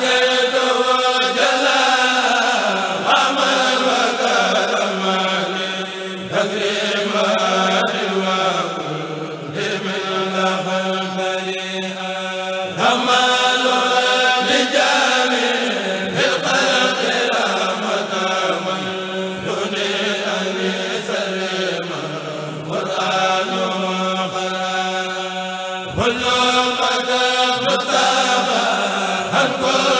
Allahu Akbar